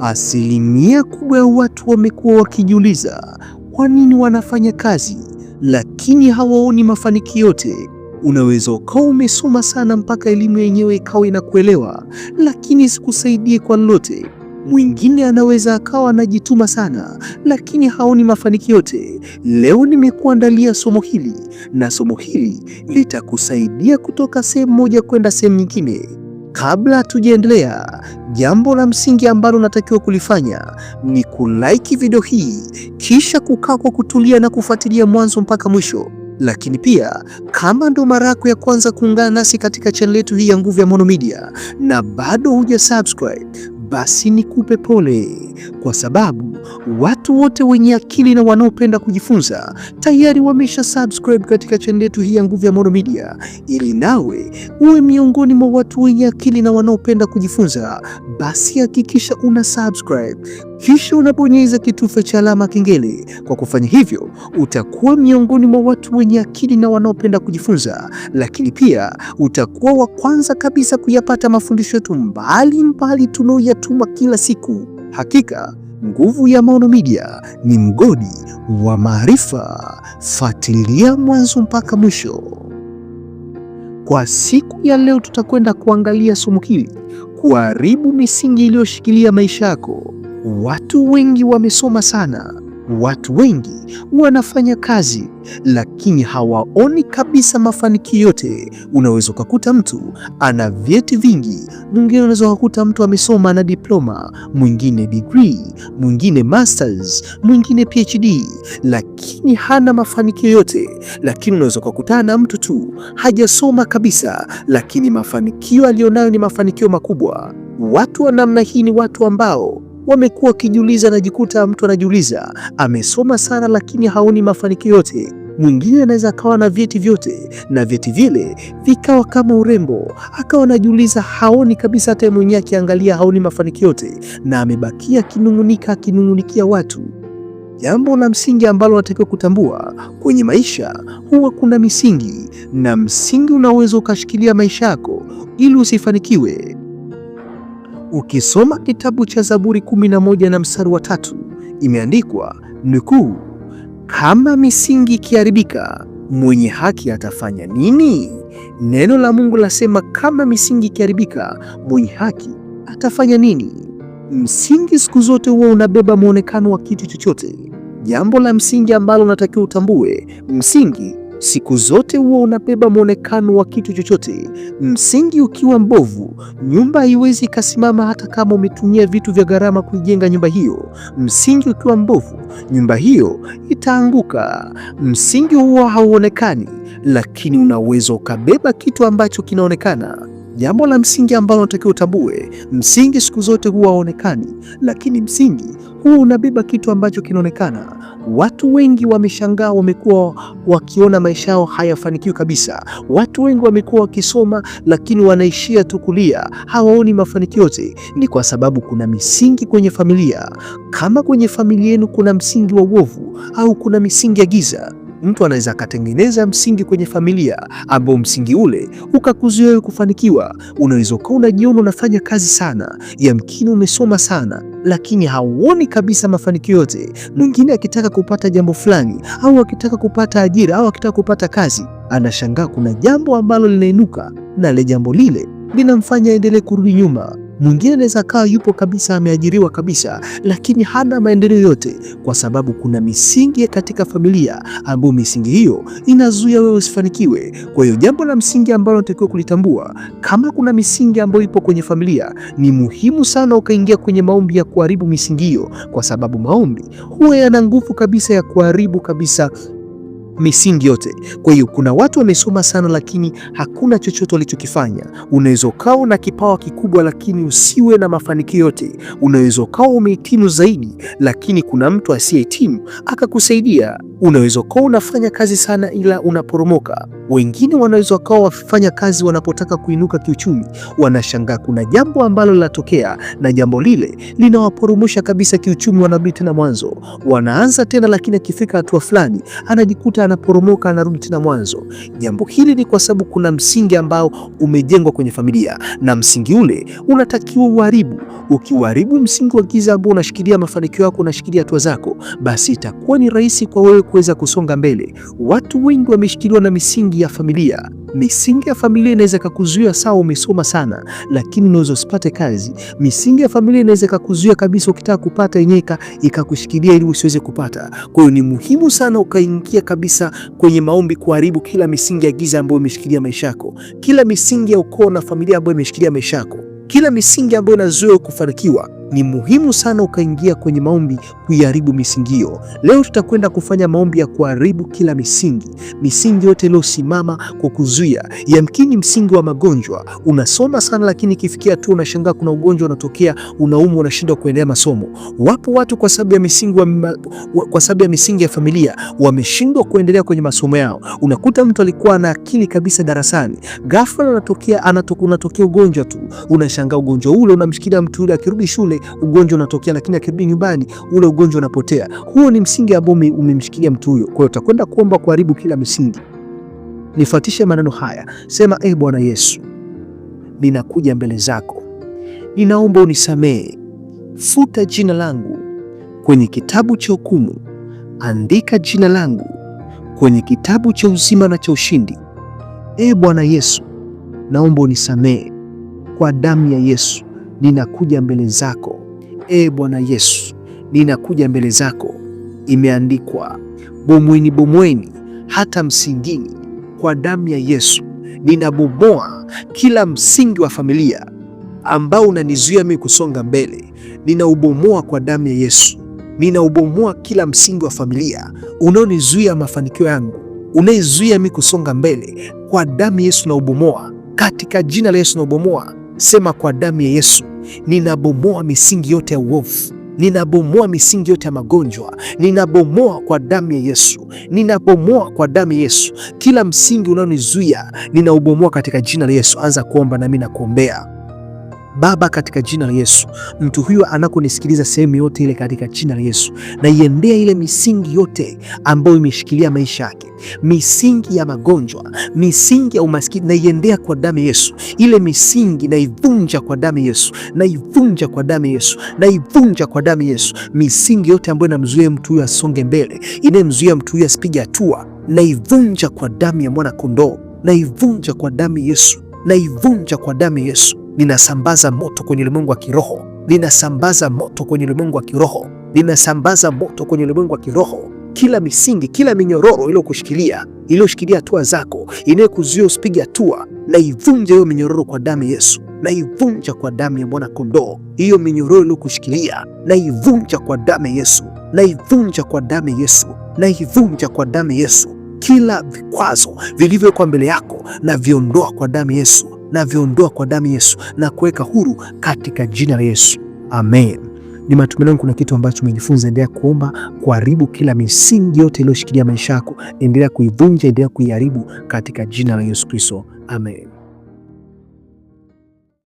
Asilimia kubwa ya watu wamekuwa wakijiuliza kwa nini wanafanya kazi lakini hawaoni mafanikio yote. Unaweza ukawa umesoma sana mpaka elimu yenyewe ikawa inakuelewa, lakini sikusaidie kwa lolote. Mwingine anaweza akawa anajituma sana lakini haoni mafanikio yote. Leo nimekuandalia somo hili na somo hili litakusaidia kutoka sehemu moja kwenda sehemu nyingine. Kabla tujaendelea, Jambo la msingi ambalo unatakiwa kulifanya ni kulike video hii, kisha kukaa kwa kutulia na kufuatilia mwanzo mpaka mwisho. Lakini pia kama ndo mara yako ya kwanza kuungana nasi katika chaneli yetu hii ya Nguvu ya Maono Media na bado huja subscribe, basi nikupe pole, kwa sababu watu wote wenye akili na wanaopenda kujifunza tayari wamesha subscribe katika channel yetu hii ya Nguvu ya Maono Media, ili nawe uwe miongoni mwa watu wenye akili na wanaopenda kujifunza, basi hakikisha una subscribe kisha unabonyeza kitufe cha alama kengele. Kwa kufanya hivyo, utakuwa miongoni mwa watu wenye akili na wanaopenda kujifunza, lakini pia utakuwa wa kwanza kabisa kuyapata mafundisho yetu mbalimbali tunaoyatuma kila siku. Hakika nguvu ya Maono Media ni mgodi wa maarifa. Fuatilia mwanzo mpaka mwisho. Kwa siku ya leo, tutakwenda kuangalia somo hili, kuharibu misingi iliyoshikilia maisha yako. Watu wengi wamesoma sana, watu wengi wanafanya kazi, lakini hawaoni kabisa mafanikio yote. Unaweza ukakuta mtu ana vyeti vingi, mwingine unaweza ukakuta mtu amesoma na diploma, mwingine degree, mwingine masters, mwingine PhD, lakini hana mafanikio yote. Lakini unaweza ukakutana na mtu tu hajasoma kabisa, lakini mafanikio aliyonayo ni mafanikio makubwa. Watu wa namna hii ni watu ambao wamekuwa wakijiuliza, anajikuta mtu anajiuliza, amesoma sana lakini haoni mafanikio yote. Mwingine anaweza akawa na vyeti vyote na vyeti vile vikawa kama urembo, akawa anajiuliza, haoni kabisa, hata mwenyewe akiangalia haoni mafanikio yote, na amebakia akinung'unika, akinung'unikia watu. Jambo la msingi ambalo unatakiwa kutambua kwenye maisha, huwa kuna misingi, na msingi unaweza ukashikilia maisha yako ili usifanikiwe Ukisoma kitabu cha Zaburi 11 na mstari wa tatu, imeandikwa nukuu, kama misingi ikiharibika mwenye haki atafanya nini? Neno la Mungu lasema kama misingi ikiharibika mwenye haki atafanya nini? Msingi siku zote huwa unabeba mwonekano wa kitu chochote. Jambo la msingi ambalo unatakiwa utambue, msingi Siku zote huwa unabeba mwonekano wa kitu chochote, msingi ukiwa mbovu, nyumba haiwezi ikasimama, hata kama umetumia vitu vya gharama kuijenga nyumba hiyo. Msingi ukiwa mbovu, nyumba hiyo itaanguka. Msingi huwa hauonekani, lakini unaweza ukabeba kitu ambacho kinaonekana. Jambo la msingi ambalo unatakiwa utambue, msingi siku zote huwa haonekani, lakini msingi huwa unabeba kitu ambacho kinaonekana. Watu wengi wameshangaa, wamekuwa wakiona maisha yao hayafanikiwi kabisa. Watu wengi wamekuwa wakisoma, lakini wanaishia tu kulia, hawaoni mafanikio yote. Ni kwa sababu kuna misingi kwenye familia. Kama kwenye familia yenu kuna msingi wa uovu au kuna misingi ya giza mtu anaweza akatengeneza msingi kwenye familia ambao msingi ule ukakuzuia kufanikiwa. Unaweza ukawa unajiona unafanya kazi sana, yamkini umesoma sana, lakini hauoni kabisa mafanikio yote. Mwingine akitaka kupata jambo fulani au akitaka kupata ajira au akitaka kupata kazi, anashangaa kuna jambo ambalo linainuka, na le jambo lile linamfanya aendelee kurudi nyuma. Mwingine anaweza kawa yupo kabisa ameajiriwa kabisa, lakini hana maendeleo yote, kwa sababu kuna misingi katika familia ambayo misingi hiyo inazuia wewe usifanikiwe. Kwa hiyo jambo la msingi ambalo unatakiwa kulitambua, kama kuna misingi ambayo ipo kwenye familia, ni muhimu sana ukaingia kwenye maombi ya kuharibu misingi hiyo, kwa sababu maombi huwa yana nguvu kabisa ya kuharibu kabisa misingi yote. Kwa hiyo kuna watu wamesoma sana, lakini hakuna chochote walichokifanya. Unaweza ukawa na kipawa kikubwa, lakini usiwe na mafanikio yote. Unaweza ukawa umehitimu zaidi, lakini kuna mtu asiyehitimu akakusaidia. Unaweza ukawa unafanya kazi sana, ila unaporomoka. Wengine wanaweza wakawa wafanya kazi, wanapotaka kuinuka kiuchumi, wanashangaa kuna jambo ambalo linatokea, na jambo lile linawaporomosha kabisa kiuchumi, wanabidi tena mwanzo, wanaanza tena, lakini akifika hatua fulani anajikuta kila anaporomoka anarudi tena mwanzo. Jambo hili ni kwa sababu kuna msingi ambao umejengwa kwenye familia, na msingi ule unatakiwa uharibu. Ukiuharibu msingi wa giza ambao unashikilia mafanikio yako, unashikilia hatua zako, basi itakuwa ni rahisi kwa wewe kuweza kusonga mbele. Watu wengi wameshikiliwa na misingi ya familia misingi ya familia inaweza kakuzuia Sawa, umesoma sana, lakini unaweza usipate kazi. Misingi ya familia inaweza ikakuzuia kabisa, ukitaka kupata yenyewe ikakushikilia ili usiweze kupata. Kwa hiyo ni muhimu sana ukaingia kabisa kwenye maombi kuharibu kila misingi ya giza ambayo imeshikilia maisha yako, kila misingi ya ukoo na familia ambayo imeshikilia maisha yako kila misingi ambayo inazuia kufanikiwa, ni muhimu sana ukaingia kwenye maombi kuiharibu hiyo. Leo tutakwenda kufanya maombi ya kuharibu kila misingi, misingi yote iliyosimama kwa kuzuia. Yamkini msingi wa magonjwa unasoma sana, lakini ikifikia tu unashangaa kuna ugonjwa unatokea, unaumwa, unashindwa kuendelea masomo. Wapo watu kwa sababu ya misingi wa, kwa sababu ya misingi ya familia wameshindwa kuendelea kwenye masomo yao. Unakuta mtu alikuwa na akili kabisa darasani, ghafla anatokea, anatokea ugonjwa tu, unashangaa ugonjwa ule unamshikilia mtu yule, akirudi shule ule ugonjwa unatokea, lakini akirudi nyumbani ule ugonjwa unapotea. Huo ni msingi ambao umemshikilia mtu huyo. Kwa hiyo utakwenda kuomba kuharibu kila msingi. Nifuatishe maneno haya, sema: E Bwana Yesu, ninakuja mbele zako, ninaomba unisamehe, futa jina langu kwenye kitabu cha hukumu, andika jina langu kwenye kitabu cha uzima na cha ushindi. E Bwana Yesu, naomba unisamehe kwa damu ya Yesu ninakuja mbele zako e Bwana Yesu, ninakuja mbele zako. Imeandikwa, bomweni bomweni hata msingini, kwa damu ya Yesu ninabomoa kila msingi wa familia ambao unanizuia mimi kusonga mbele, ninaubomoa kwa damu ya Yesu. Ninaubomoa kila msingi wa familia unaonizuia mafanikio yangu, unaizuia mimi kusonga mbele, kwa damu ya Yesu naubomoa, katika jina la Yesu naubomoa Sema kwa damu ya Yesu, ninabomoa misingi yote ya uovu, ninabomoa misingi yote ya magonjwa, ninabomoa kwa damu ya Yesu, ninabomoa kwa damu ya Yesu. Kila msingi unaonizuia ninaubomoa katika jina la Yesu. Anza kuomba nami nakuombea. Baba, katika jina la Yesu, mtu huyo anakonisikiliza sehemu yote ile, katika jina la Yesu, na ile misingi yote ambayo imeshikilia maisha yake, misingi ya magonjwa, misingi ya umaskini, na iendea kwa damu ya Yesu. Ile misingi naivunja kwa damu ya Yesu, naivunja kwa damu ya Yesu, naivunja kwa damu ya Yesu. Misingi yote ambayo inamzuia mtu huyo asonge mbele, inayemzuia mtu huyo asipige hatua, naivunja kwa damu ya mwana kondoo, naivunja kwa damu ya Yesu, naivunja kwa damu ya Yesu linasambaza moto kwenye ulimwengu wa kiroho, linasambaza moto kwenye ulimwengu wa kiroho, linasambaza moto kwenye ulimwengu wa kiroho. Kila misingi, kila minyororo iliyokushikilia, iliyoshikilia hatua zako, inayokuzuia usipige hatua, na ivunja hiyo minyororo kwa damu ya Yesu, na ivunja kwa damu ya mwana kondoo. Hiyo minyororo iliyokushikilia, na ivunja kwa damu ya Yesu, na ivunja kwa damu ya Yesu, na ivunja kwa damu ya Yesu. Kila vikwazo vilivyowekwa mbele yako na viondoa kwa damu ya Yesu naviondoa kwa damu Yesu na kuweka huru katika jina la Yesu, amen. Ni matumaini yangu kuna kitu ambacho umejifunza. Endelea kuomba kuharibu kila misingi yote iliyoshikilia maisha yako, endelea kuivunja, endelea kuiharibu katika jina la Yesu Kristo, amen.